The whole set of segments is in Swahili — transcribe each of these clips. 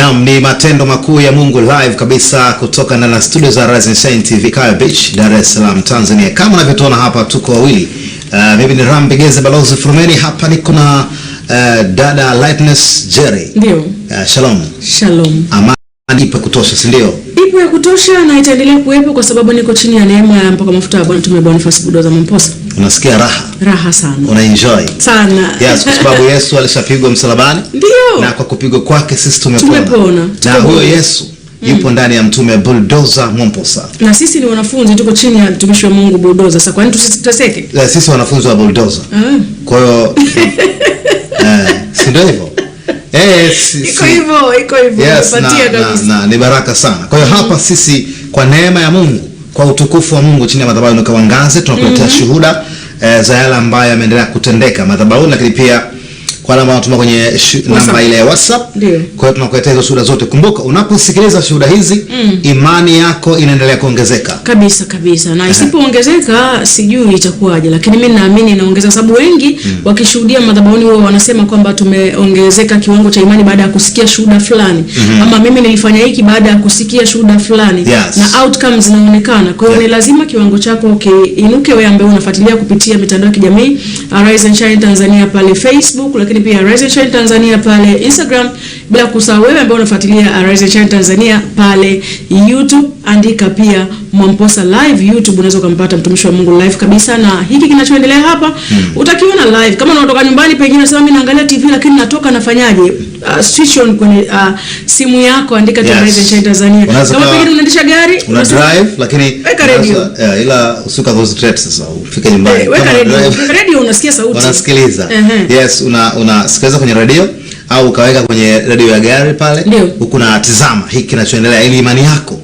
Naam, ni matendo makuu ya Mungu live kabisa kutoka ndani ya studio za Rising Shine TV Kaya Beach, Dar es Salaam, Tanzania. Kama unavyotuona hapa tuko wawili. Uh, mimi ni Ram Bigeze Balozi Frumeni, hapa niko na uh, dada Lightness Jerry. Ndio. Uh, shalom. Shalom. Amani ipo kutosha, si ndio? Ipo ya kutosha na itaendelea kuwepo kwa sababu niko chini ya neema ya mpaka mafuta ya Bwana Mtume Boniface Budoza Mamposa unasikia raha raha sana, una enjoy sana yes, kwa sababu Yesu alishapigwa msalabani, ndio na kwa kupigwa kwake sisi tumepona, tumepona na huyo Yesu mm. yupo mm. ndani ya mtume Bulldozer Mwamposa, na sisi ni wanafunzi, tuko chini ya mtumishi wa Mungu Bulldozer. Sasa kwa nini tusiteseke? Eh, sisi wanafunzi wa Bulldozer. Ah. Kwa hiyo eh, si ndio hivyo? Eh, si, iko hivyo, iko hivyo, yes, na, na, na ni baraka sana. Kwa hiyo mm. hapa sisi kwa neema ya Mungu, kwa utukufu wa Mungu, chini ya madhabahu inuka wangaze, tunakuletea mm -hmm. shuhuda Eh, za yale ambayo yameendelea kutendeka madhabahuni, lakini pia wale ambao wanatuma kwenye namba ile ya WhatsApp. Ndio. Kwa hiyo tunakuletea hizo shuhuda zote. Kumbuka unaposikiliza shuhuda hizi mm. imani yako inaendelea kuongezeka kabisa kabisa, na isipoongezeka sijui itakuwaje, lakini mimi naamini inaongezeka, sababu wengi mm. wakishuhudia madhabahuni wao wanasema kwamba tumeongezeka kiwango cha imani baada ya kusikia shuhuda fulani mm -hmm. ama mimi nilifanya hiki baada ya kusikia shuhuda fulani yes. na outcomes zinaonekana. Kwa hiyo yeah. ni lazima kiwango chako kiinuke, okay, wewe ambaye unafuatilia kupitia mitandao ya kijamii Rise and Shine Tanzania pale Facebook, lakini lakini pia Rise and Shine Tanzania pale Instagram, bila kusahau wewe ambao unafuatilia Rise and Shine Tanzania pale YouTube, andika pia Mwamposa live YouTube, unaweza ukampata mtumishi wa Mungu live kabisa, na hiki kinachoendelea hapa hmm. utakiona live. Kama unatoka nyumbani, pengine unasema mimi naangalia TV lakini natoka, nafanyaje? uh, switch on kwenye uh, simu yako, andika Toka Highway Nchini Tanzania. Kama pengine unaendesha gari una drive, lakini weka radio, yeah, ila usuka those traps sasa, ufike eh, nyumbani weka radio, radio unasikia sauti, unasikiliza uh -huh. Yes, una unasikiliza kwenye radio au ukaweka kwenye radio ya gari pale, huku natizama hiki kinachoendelea, ili imani yako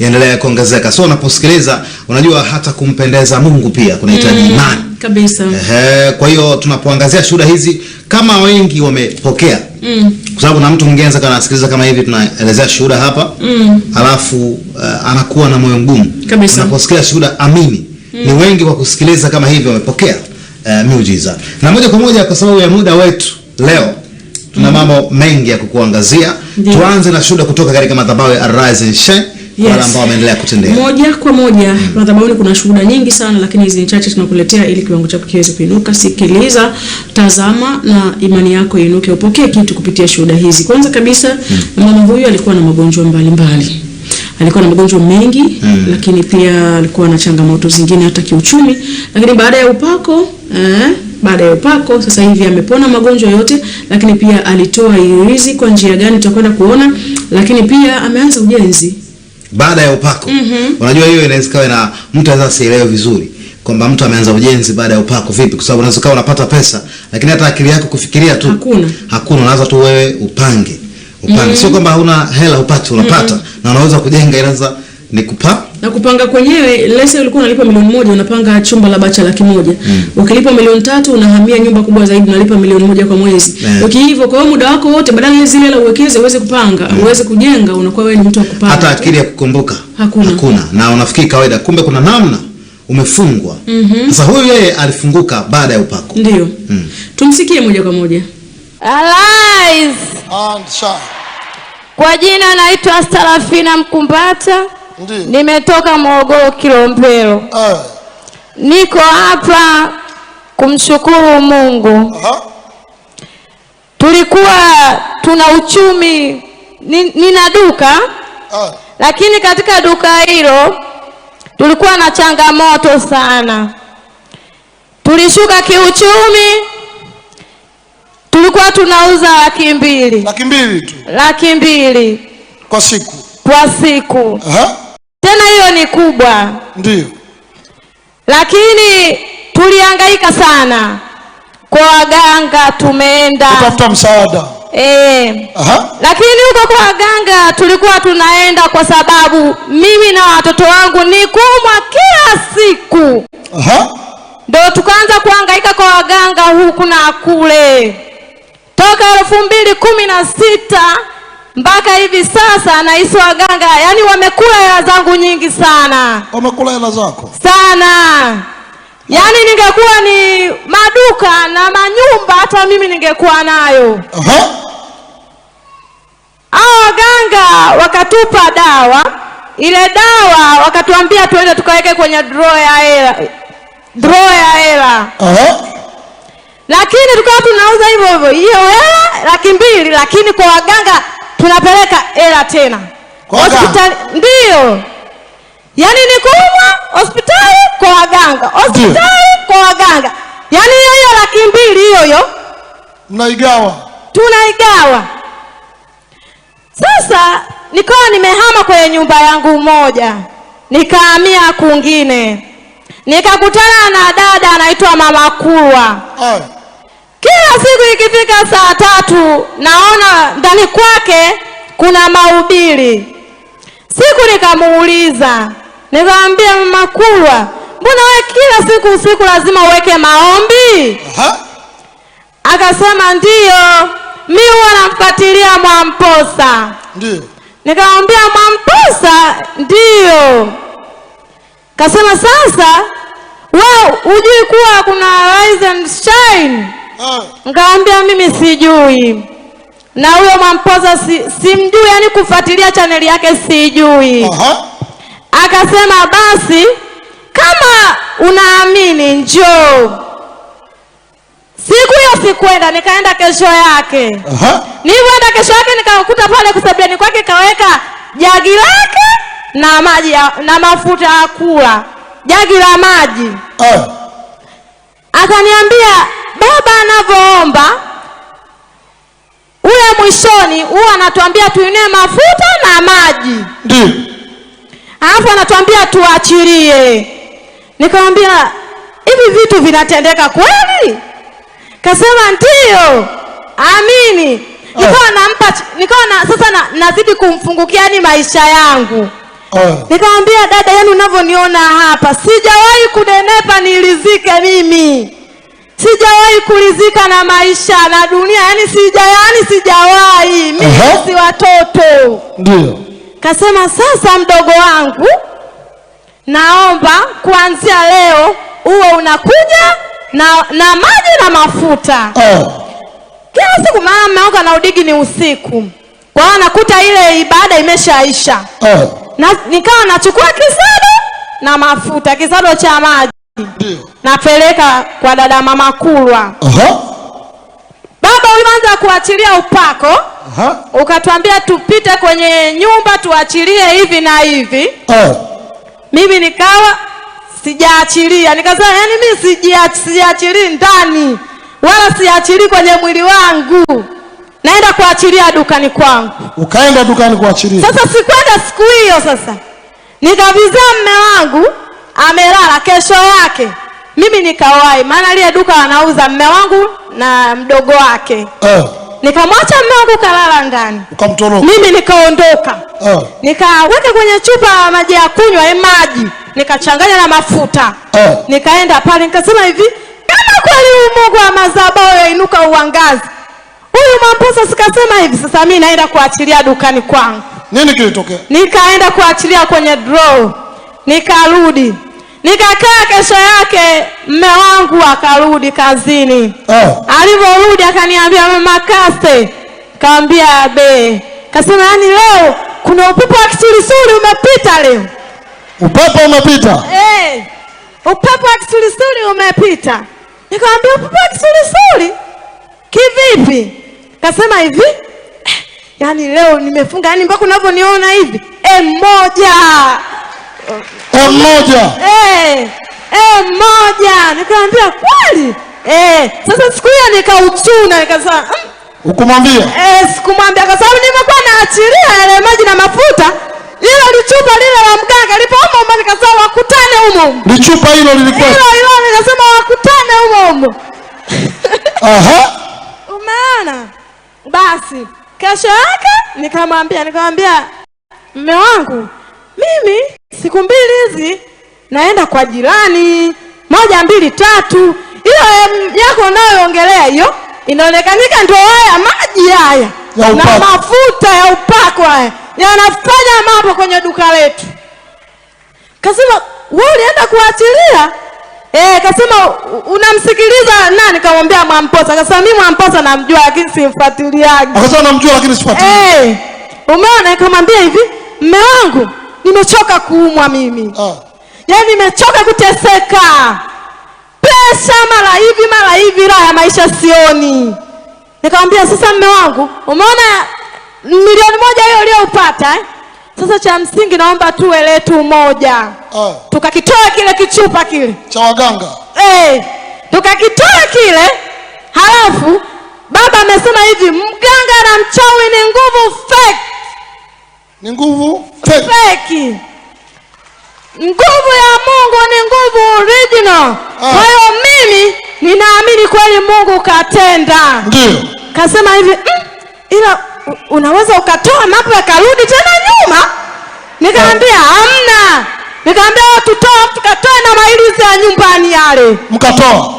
iendelee kuongezeka. So unaposikiliza, unajua hata kumpendeza Mungu pia kunahitaji mm, imani kabisa. Ehe, kwa hiyo tunapoangazia shuhuda hizi, kama wengi wamepokea mm. kwa sababu na mtu mwingine anaweza anasikiliza kama hivi tunaelezea shuhuda hapa mm. alafu uh, anakuwa na moyo mgumu kabisa unaposikia shuhuda amini mm. ni wengi kwa kusikiliza kama hivi wamepokea uh, miujiza na moja kwa moja kwa sababu ya muda wetu leo tuna mm. mambo mengi ya kukuangazia tuanze na shuhuda kutoka katika madhabahu ya Arise and Shine yes. wale ambao wameendelea kutendea moja kwa moja mm. Madhabahuni kuna shuhuda nyingi sana, lakini hizi chache tunakuletea ili kiwango chako kiweze kuinuka. Sikiliza, tazama na imani yako inuke upokee kitu kupitia shuhuda hizi. Kwanza kabisa mm. mama huyu alikuwa na magonjwa mbalimbali alikuwa na magonjwa mengi mm. lakini pia alikuwa na changamoto zingine hata kiuchumi, lakini baada ya upako eh, baada ya upako sasa hivi amepona magonjwa yote, lakini pia alitoa irizi kwa njia gani tutakwenda kuona, lakini pia ameanza ujenzi baada ya upako. mm -hmm. Unajua hiyo inaweza kawa na mtu anaweza sielewe vizuri kwamba mtu ameanza ujenzi baada ya upako vipi, kwa sababu unaweza kawa unapata pesa lakini hata akili yako kufikiria tu hakuna, hakuna. Unaanza tu wewe upange upange. mm -hmm. Sio kwamba huna hela upate, unapata mm -hmm. na unaweza kujenga inaanza ni kupa na kupanga kwenyewe. Lese ulikuwa unalipa milioni moja unapanga chumba la bacha laki moja mm. Ukilipa milioni tatu unahamia nyumba kubwa zaidi, unalipa milioni moja kwa mwezi yeah. Ukihivyo, kwa hiyo muda wako wote badala ya zile la uwekeze uweze kupanga yeah. Mm. uweze kujenga, unakuwa wewe ni mtu wa kupanga, hata akili ya kukumbuka hakuna, hakuna. Na unafikiri kawaida, kumbe kuna namna umefungwa. mm -hmm. Sasa huyu yeye alifunguka baada ya upako, ndio mm. Tumsikie moja kwa moja. Alive ah, kwa jina naitwa Sarafina Mkumbata Nimetoka Morogoro Kilombero. Niko hapa kumshukuru Mungu. Tulikuwa tuna uchumi, nina duka lakini katika duka hilo tulikuwa na changamoto sana, tulishuka kiuchumi tulikuwa tunauza laki mbili laki mbili tu laki mbili kwa siku kwa siku tena hiyo ni kubwa, ndio. Lakini tulihangaika sana kwa waganga, tumeenda kutafuta msaada e. Aha. Lakini huko kwa waganga tulikuwa tunaenda kwa sababu mimi na watoto wangu ni kumwa kila siku. Aha. Ndio tukaanza kuhangaika kwa waganga huku na kule toka elfu mbili kumi na sita mpaka hivi sasa naisi waganga yani wamekula hela zangu nyingi sana. Wamekula hela zako sana, yani ningekuwa ni maduka na manyumba, hata mimi ningekuwa nayo. Hao waganga wakatupa dawa, ile dawa wakatuambia tuende tukaweke kwenye draw ya hela, draw ya hela lakini tukawa tunauza hivyo hivyo hiyo hela laki mbili, lakini kwa waganga tunapeleka hela tena hospitali, ndio yaani ni kuumwa hospitali kwa waganga, hospitali kwa waganga, yaani hiyo hiyo laki mbili hiyo hiyo mnaigawa, tunaigawa. Sasa nikawa nimehama kwenye nyumba yangu moja, nikahamia kungine, nikakutana na dada anaitwa Mama Kulwa. Kila siku ikifika saa tatu naona ndani kwake kuna mahubiri. Siku nikamuuliza nikamwambia, Mama Kulwa, mbona wewe kila siku usiku lazima uweke maombi? Aha. Akasema ndiyo, mi huwa namfuatilia Mwamposa. Ndiyo. Nikamwambia Mwamposa, ndiyo. Kasema sasa wewe hujui kuwa kuna Rise and Shine Nkaambia mimi sijui, na huyo Mwampoza si, simjui, yani kufuatilia chaneli yake sijui. Akasema basi kama unaamini njoo. Siku hiyo sikwenda, nikaenda kesho yake. Nilivyoenda kesho yake nikakuta pale kusebleni kwake kaweka jagi lake na maji na mafuta ya kula, jagi la maji. Ah. Akaniambia baba anavyoomba ule mwishoni huwa anatuambia tuinue mafuta na maji, ndio alafu anatuambia tuachilie. Nikamwambia hivi vitu vinatendeka kweli? Kasema ndio amini. Ah. Nikawa nampa nikawa na, sasa na, nazidi kumfungukia ni maisha yangu ah. nikamwambia, dada, yani unavyoniona hapa sijawahi kunenepa, nilizike mimi Sijawahi kulizika na maisha na dunia, yani sija, yani sijawahi mimi, si watoto ndio. Kasema sasa, mdogo wangu, naomba kuanzia leo uwe unakuja na, na maji na mafuta oh. Kila siku mama na udigi ni usiku, kwa hiyo nakuta ile ibada imeshaisha oh. Na, nikawa nachukua kisado na mafuta, kisado cha maji Napeleka kwa dada mama Kulwa. uh -huh. Baba, ulianza kuachilia upako uh -huh. ukatwambia tupite kwenye nyumba tuachilie hivi na hivi uh -huh. mimi nikawa sijaachilia, nikasema yani mimi sijaachilii ndani wala siachilii kwenye mwili wangu, naenda kuachilia dukani kwangu. Ukaenda dukani kuachilia. Sasa sikwenda siku hiyo, sasa nikavizaa mme wangu amelala, kesho yake mimi nikawai maana lile duka wanauza mme wangu na mdogo wake uh. Nikamwacha mme wangu kalala ndani, mimi nikaondoka uh. Nikaweka kwenye chupa maji ya kunywa maji nikachanganya na mafuta uh. Nikaenda pale nikasema hivi, kama kweli Mungu wa madhabahu yainuka uangazi huyu mamposa sikasema hivi, sasa mimi naenda kuachilia dukani kwangu. Nini kilitokea? Nikaenda kuachilia kwenye draw nikarudi, nikakaa. Kesho yake mme wangu akarudi kazini oh. Ah. Alivyorudi akaniambia mama Kaste, kaambia be, kasema yani leo kuna upepo wa kisulisuli umepita leo, upepo umepita eh, upepo wa kisulisuli umepita. Nikamwambia upepo wa kisulisuli kivipi? Kasema hivi eh, yani leo nimefunga, yani mpaka unavyoniona hivi e eh, moja mmoja eh, eh, mmoja. Nikamwambia kweli eh. Sasa siku hiyo nikauchuna, nikasema hmm. ukumwambia eh? Sikumwambia kwa sababu nilikuwa naachilia yale maji na mafuta Ile lichupa lile la mganga lipo humo humo, nikasema wakutane humo humo. Lichupa hilo lilikuwa hilo hilo, nikasema wakutane humo humo. Aha, umeona? Basi kesho yake nikamwambia, nikamwambia mme wangu mimi siku mbili hizi naenda kwa jirani, moja mbili tatu. Hiyo yako unayoongelea hiyo inaonekanika ndio haya maji haya na mafuta ya upako haya yanafanya mambo kwenye duka letu. Kasema wewe ulienda kuachilia eh? Kasema unamsikiliza nani? Kamwambia Mwamposa. Kasema mimi Mwamposa namjua lakini simfuatiliaje. Akasema namjua lakini Eh, umeona? Kamwambia hivi, mme wangu nimechoka kuumwa mimi ah. Yaani nimechoka kuteseka, pesa mara hivi mara hivi, raha ya maisha sioni. Nikamwambia, sasa mme wangu, umeona milioni moja hiyo uliyopata eh? Sasa cha msingi naomba tuwe letu moja ah. Tukakitoa kile kichupa kile cha waganga eh, tukakitoa kile halafu baba amesema hivi, mganga na mchawi ni nguvu fake ni nguvu fake. Nguvu ya Mungu ni nguvu original. Ah. Kwa hiyo mimi ninaamini kweli Mungu katenda. Ndio. Kasema hivi mm, ila unaweza ukatoa napo yakarudi tena nyuma. Nikaambia ah. hamna. Nikaambia oh, tutoa, tukatoa na mailizi ya nyumbani yale. Mkatoa.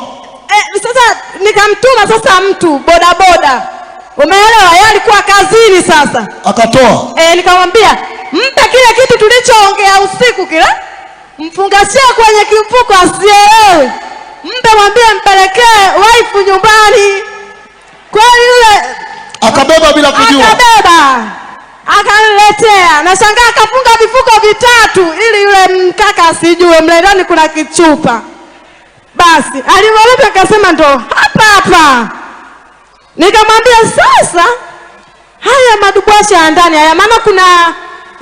Eh, sasa nikamtuma sasa mtu bodaboda Umeelewa? Yeye alikuwa kazini sasa, akatoa e, nikamwambia mpe kile kitu tulichoongea usiku kile, mfungashie kwenye kimfuko asielewe, mpe mwambie mpelekee waifu nyumbani. Kweli yule akabeba bila kujua, akabeba akaniletea, nashangaa akafunga vifuko vitatu ili yule mkaka asijue mle ndani kuna kichupa. Basi alimwambia akasema, ndo hapa hapa Nikamwambia sasa, haya madubwasha ya ndani haya, maana kuna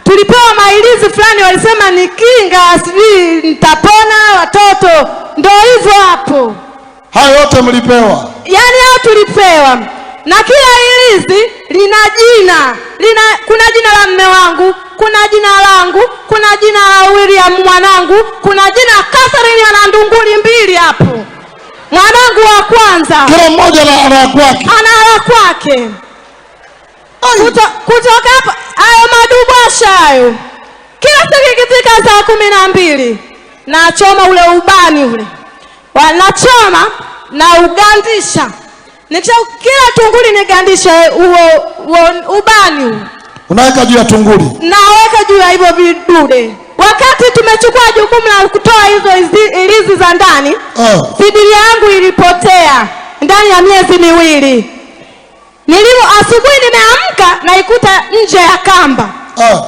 tulipewa mailizi fulani, walisema ni kinga, sijui nitapona watoto, ndo hivyo hapo. Hayo yote mlipewa? Yaani hayo tulipewa, na kila ilizi lina jina lina, kuna jina la mme wangu, kuna jina langu, kuna jina la William mwanangu, kuna jina Catherine ana ndunguli mbili hapo Mwanangu wa kwanza, kila mmoja ana raha kwake, ana raha kwake. Kuto, kutoka hapa hayo madubwasha hayo, kila siku kitika saa kumi na mbili nachoma ule ubani ule wanachoma na ugandisha, nikisha kila tunguli nigandisha huo ubani, unaweka juu ya tunguli, naweka juu ya hivyo vidude Wakati tumechukua jukumu la kutoa hizo ilizi za ndani oh, ah. Biblia yangu ilipotea ndani ya miezi miwili. Nilivyo asubuhi nimeamka naikuta nje ya kamba oh.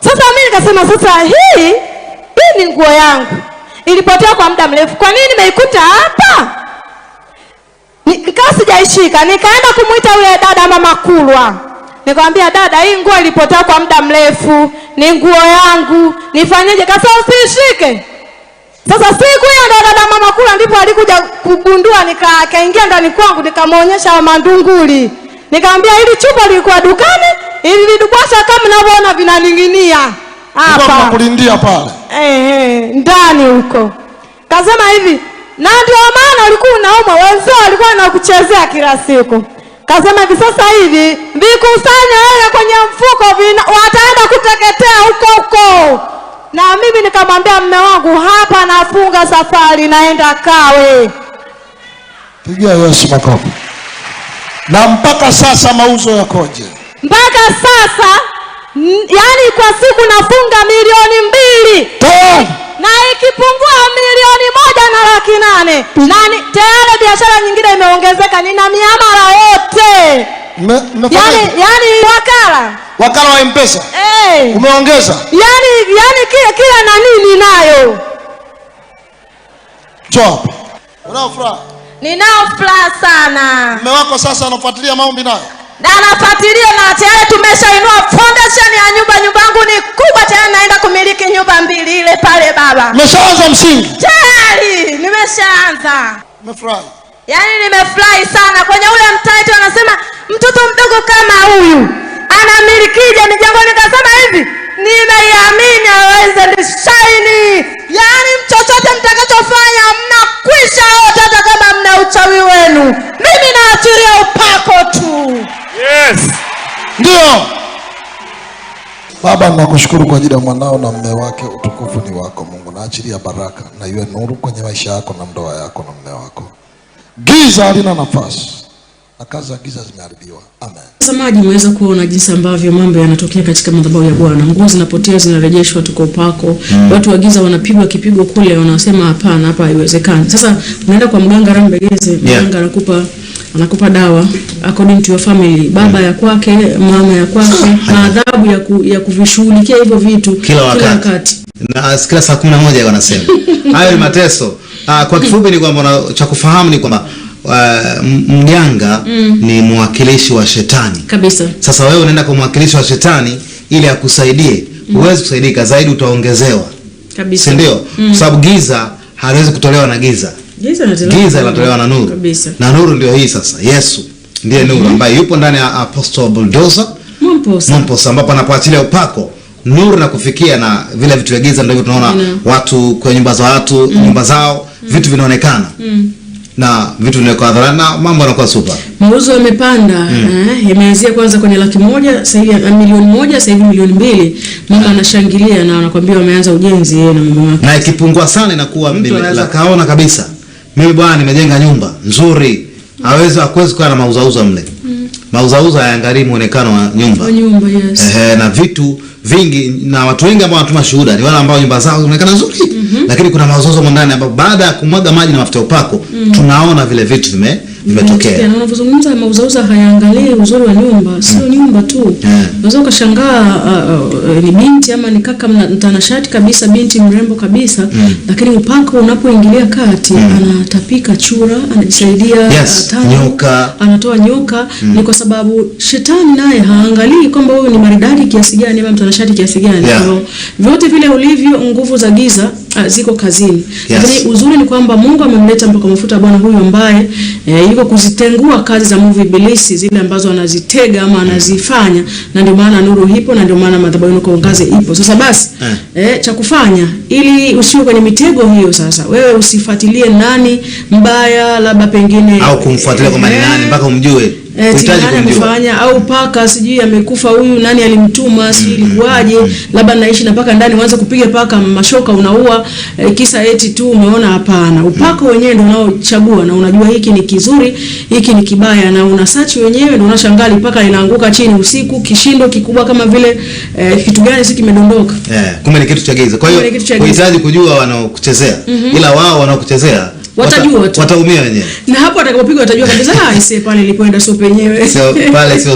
Sasa mimi nikasema sasa hii hii ni nguo yangu ilipotea kwa muda mrefu, kwa nini nimeikuta hapa? Nikawa sijaishika, nikaenda kumwita yule dada Mama Kulwa nikamwambia dada, hii nguo ilipotea kwa muda mrefu, ni nguo yangu, nifanyeje? Kasa usishike. Sasa siku hiyo ndo dada mama kula ndipo alikuja kugundua, nikaingia ndani kwangu, nikamwonyesha mandunguli, nikamwambia hili chupa lilikuwa dukani, ili lidukwasha kama mnavyoona vinaning'inia hapa kulindia pale eh, ndani huko. Kasema hivi, na ndio maana ulikuwa unaumwa, wenzao walikuwa wanakuchezea kila siku Kasema hivi sasa hivi vikusanya hela kwenye mfuko, wataenda kuteketea huko huko. Na mimi nikamwambia mme wangu, hapa nafunga safari, naenda Kawe. Pigia Yesu makofi. Na mpaka sasa mauzo yakoje? Mpaka sasa yaani, kwa siku nafunga milioni mbili. Toa na ikipungua milioni moja na laki nane na tayari biashara nyingine imeongezeka, nina miamala yote me, yani, yani wakala wakala wa Mpesa hey. Eh. Umeongeza yani, yani kila kila na nini nayo job unao furaha, ninao furaha sana. Mume wako sasa anafuatilia maombi nayo na nafuatilia na tayari tumeshainua foundation ya nyumba. Nyumba yangu ni kubwa tayari, naenda kumiliki nyumba mbili, ile pale baba. Umeshaanza msingi tayari? Nimeshaanza. Umefurahi? Yaani nimefurahi sana kwenye ule mtaito wanasema mtoto mdogo kama huyu anamilikija ni nikasema hivi nimeiamini aweze lishaini. Yaani chochote mtakachofanya mnakwisha wote, hata kama mna uchawi wenu, mimi naachiria upako tu. Yes. Ndio. Baba, nakushukuru kwa ajili ya mwanao na mme wake. Utukufu ni wako Mungu, na baraka na iwe nuru kwenye maisha yako na ndoa yako na mme wako. Giza halina nafasi na kazi za giza zimeharibiwa. Amen. Mtazamaji, umeweza kuona jinsi ambavyo mambo yanatokea katika madhabahu ya Bwana. Nguo zinapotea zinarejeshwa, tuko upako Mm. Watu wa giza wanapigwa kipigo kule, wanasema hapana, hapa haiwezekani. Sasa unaenda kwa mganga Rambegeze, yeah. Mganga anakupa anakupa dawa according to your family, baba hmm. ya kwake, mama ya kwake, na adhabu ya, ku, ya kuvishughulikia hivyo vitu kila wakati, kila wakati. Na kila saa 11 wanasema hayo ni mateso. Aa, ah, kwa kifupi ni kwamba cha kufahamu ni kwamba uh, mganga mm. ni mwakilishi wa shetani kabisa. Sasa wewe unaenda kwa mwakilishi wa shetani ili akusaidie, mm. huwezi mm. kusaidika zaidi, utaongezewa kabisa, si ndio? mm. kwa sababu giza haliwezi kutolewa na giza, giza linatolewa na nuru kabisa. na nuru ndio hii sasa, Yesu ndiye mm -hmm. nuru ambaye yupo ndani ya Apostle Bulldozer Mumposa, Mumposa ambapo anapoachilia upako nuru na kufikia na vile vitu vya giza, ndio tunaona watu kwenye nyumba za watu mm. nyumba zao mm. vitu vinaonekana mm na vitu vinawekwa hadharani na mambo yanakuwa super. Mauzo yamepanda mm. eh, yameanzia kwanza kwenye laki moja sasa hivi eh, milioni moja sasa hivi milioni mbili Mama anashangilia na anakuambia wameanza ujenzi yeye eh, na mama wake, na ikipungua sana inakuwa mbele kaona kabisa, mimi bwana nimejenga nyumba nzuri, hawezi akuwezi kuwa na mauzauza mle mauzauza hayaangalii mwonekano wa nyumba, nyumba yes. Ehe, na vitu vingi na watu wengi ambao wanatuma shuhuda ni wale ambao nyumba zao zinaonekana nzuri mm -hmm. Lakini kuna mauzauza mwandani ambapo baada ya kumwaga maji na mafuta ya upako mm -hmm. tunaona vile vitu vime vimetokea. Anavyozungumza mauzauza hayaangalii uzuri wa nyumba, sio hmm. nyumba tu. Hmm. Unaweza ukashangaa uh, uh, ni binti ama ni kaka mtanashati kabisa, binti mrembo kabisa, hmm. lakini upako unapoingilia kati anatapika chura, anajisaidia nyoka, anatoa nyoka. Ni kwa sababu shetani naye haangalii kwamba wewe ni maridadi kiasi gani ama mtanashati kiasi gani. Vyote vile ulivyo, nguvu za giza uh, ziko kazini, lakini uzuri ni kwamba Mungu amemleta mpaka mafuta bwana huyu ambaye eh, hivyo kuzitengua kazi za mvu ibilisi zile ambazo anazitega ama mm. anazifanya, na ndio maana Nuru hipo na ndio maana madhabahu kwa Uangaze ipo. Sasa basi eh, eh, cha kufanya ili usiwe kwenye mitego hiyo, sasa wewe usifuatilie nani mbaya, labda pengine au kumfuatilia eh, kwa nani mpaka umjue eh, tingana au paka sijui amekufa huyu nani alimtuma sijui mm, mm, ilikuwaje, mm, labda naishi na paka ndani, uanze kupiga paka mashoka unaua, eh, kisa eti tu umeona. Hapana, upako wenyewe ndio unaochagua na unajua hiki ni kizuri, hiki ni kibaya, na una search wenyewe, ndio unashangali paka linaanguka chini usiku, kishindo kikubwa kama vile eh, kitu gani si kimedondoka, yeah, kumbe ni kitu cha giza. Kwa hiyo unahitaji kujua wanaokuchezea, mm -hmm. ila wao wanaokuchezea watajua wataumia wenyewe, na hapo atakapopigwa watajua kabisa, ah, pale ilipoenda sio penyewe, sio pale, sio